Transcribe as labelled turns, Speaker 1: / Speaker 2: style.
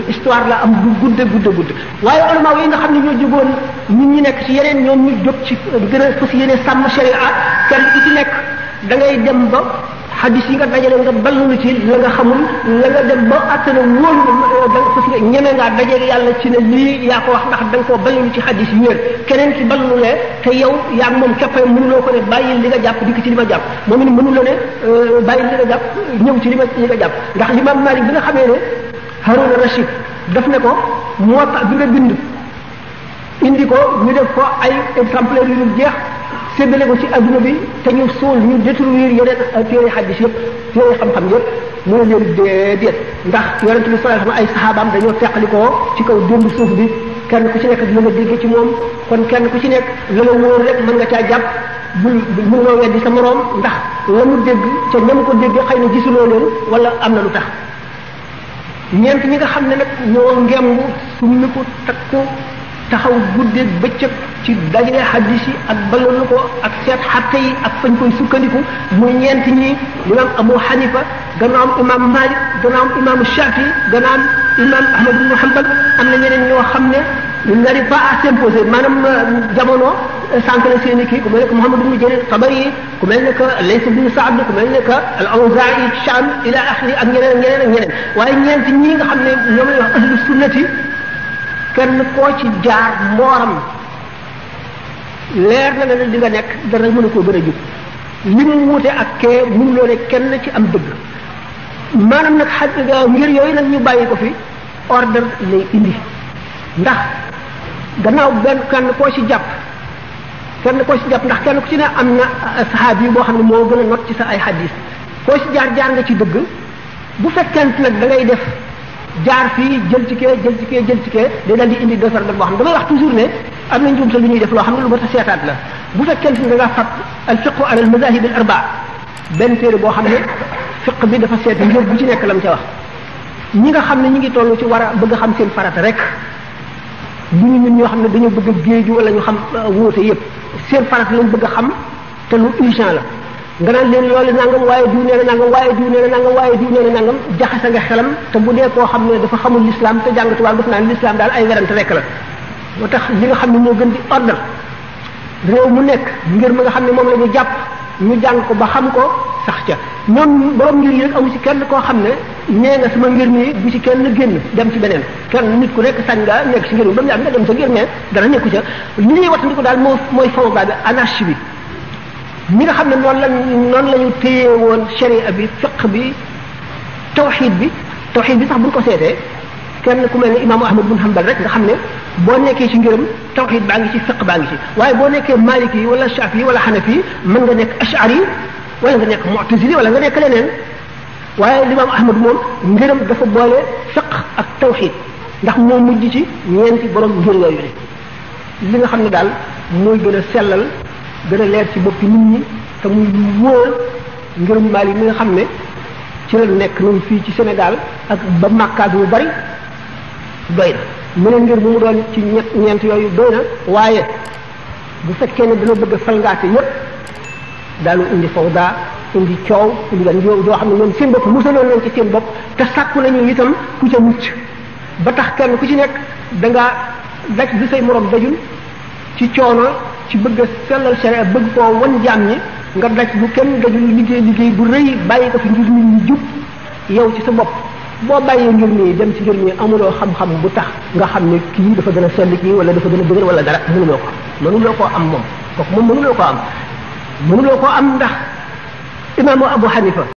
Speaker 1: lu histoire la am bu gudde gudde gudde waaye ulama yi nga xam ne ñoo jógoon nit ñi nekk ci yeneen ñoom ñu jóg ci gën a fas yéene sàmm sharia kenn ku ci nekk da ngay dem ba hadis yi nga dajale ci la nga xamul la nga dem ba attana wóolu da fas nga ñeme ngaa dajale yàlla ci ne lii yaa ko wax ndax da nga koo ballalu ci hadis yi wér keneen ki ballalu le te yow yaa moom keppay mënuloo ko ne bàyyi li nga jàpp dikk ci li ma jàpp moom it mënuloo ne euh, bàyyi li nga jàpp ñëw ci li jàpp ndax Imam Malik bi nga xamee ne Harun Rashid daf ne ko Muwatta bi nga bind indi ko ñu def ko ay exemplaires yu dul jeex séddale ko ci adduna bi te ñu suul ñu détruire yeneen euh, téere xaddis yëpp téere xam-xam yëpp mu ne leen déedéet ndax yonent bi sallallahu alayhi wa sallam ay saxaabaam dañoo teqali ko ci kaw démb suuf bi kenn ku ci nekk dina nga ci moom kon kenn ku ci nekk la la wóor rek mën nga caa jàpp bul bul noo weddi sa moroom ndax la mu dégg ca ña mu ko dégg xay na gisuloo leen wala am na lu tax ñeent ñi nga xam ne nag ñoo ngembu summi ko takku taxaw guddeeg bëccëg ci dajale hadis yi ak ballonlu ko ak seet xatte yi ak fañ koy sukkandiku muy ñeent ñi dana am Abu Hanifa dana am imam Malik dana am imam Shafi dana am imam Ahmad ibn am na ñeneen ñoo xam ne ñu nari pas à s'imposer maanaam euh, jamono sànq na seen i kii ku mel ne que Muhammad ku mel ne que Layth ibn Sa'd ku mel ne que al-Awza'i Sham ila axiri ak ñeneen ak ñeneen ak ñeneen waaye ñeent ñi nga xam ne ñoom la wax ahlu sunnati kenn ci jaar mbooram leer na ne di nga nekk dara mën a koo gën a jub li mu wuute ak kee mu loo ne kenn ci am dëgg maanaam nag xa ngir yooyu na ñu bàyyi ko fi ordre lay indi ndax gannaaw benn kenn koo ci jàpp kenn koo ci jàpp ndax kenn ku ci ne am na saxaab yi boo xam ne moo gën a not ci sa ay xadis koo ci jaar jaar nga ci dëgg bu fekkent nag da ngay def jaar fii jël ci kee jël ci kee jël ci kee day daal di indi désordre boo xam ne damay wax toujours ne am na njuumte lu ñuy def loo xam ne lu ma ta seetaat la bu fekkent ne da nga fab al fiqhu ala al mazahib al arba benn téere boo xam ne fiq bi dafa seet ngir bu ci nekk lam ca wax ñi nga xam ne ñi ngi toll ci war a bëgg xam seen farata rek lu ñu ñun ñoo xam ne dañoo bëgg a géeju wala ñu xam euh, wóote yëpp seen farata lañ bëgg a xam te lu urgent la nga naan leen loolu nangam waaye diw na nangam waaye diw na nangam waaye diw nee na jaxase nga xelam te bu dee koo xam ne dafa xamul l'islam te jàng tubaab dafa naan l'islam daal ay werante rek la moo tax li nga xam ne moo gën di ordre réew mu nekk ngir ma nga xam ne moom la ñu jàpp ñu jàng ko ba xam ko sax ca ñoom borom ngir yi rek amu ci kenn koo xam ne nee na sama ngir mi bu ci kenn génn dem ci beneen kenn nit ku nekk sañ nga nekk ci ngir mi ba mu yàgg nga dem sa ngir mais dara nekku ca li ñuy wattandiku daal moo mooy fawda bi anarchie bi ñi nga xam ne noonu la noonu la ñu téye woon sharia bi fiq bi tawxid bi tawxid bi sax buñ ko seetee kenn ku mel ne imaamu ahmad bun hanbal rek nga xam ne boo nekkee ci ngërëm tawxid baa ngi ci fiq baa ngi ci waaye boo nekkee maliki yi wala shafi yi wala xanafi yi mën nga nekk ashari yi wala nga nekk mu'tazili wala nga nekk leneen waaye limaam ahmad moom ngërëm dafa boole fiq ak tawxid ndax moo mujj ci ñeenti borom ngir yooyu li nga xam ne daal mooy gën a sellal gën a leer ci boppi nit ñi te muy wóor ngërëm yi mi nga xam ne ci la nekk noonu fii ci senegaal ak ba màkkaat bu bari doy na mu ne ngir bu mu doon ci ñett ñeent yooyu doy na waaye bu fekkee ne dina bëgg a falngaate yépp daanu indi fawda indi coow indi doo xam ne ñoom seen bopp musaloon leen ci seen bopp te sàkku nañu itam ku ca mucc ba tax kenn ku ci nekk da ngaa daj du say morom dajul ci coono ci bëgg a sellal bëgg koo wan jaam ñi nga daj bu kenn dajul liggéey liggéey bu rëy bàyyi ko fi ngir nit ñi jub yow ci sa bopp boo bàyyee ngir nii dem ci ngir nii amuloo xam-xam bu tax nga xam ne kii dafa gën a sell kii wala dafa gën a dëgër wala dara mënuloo ko am mënuloo koo am moom kooku moom mënuloo koo am mënuloo koo am ndax الإمام أبو حنيفة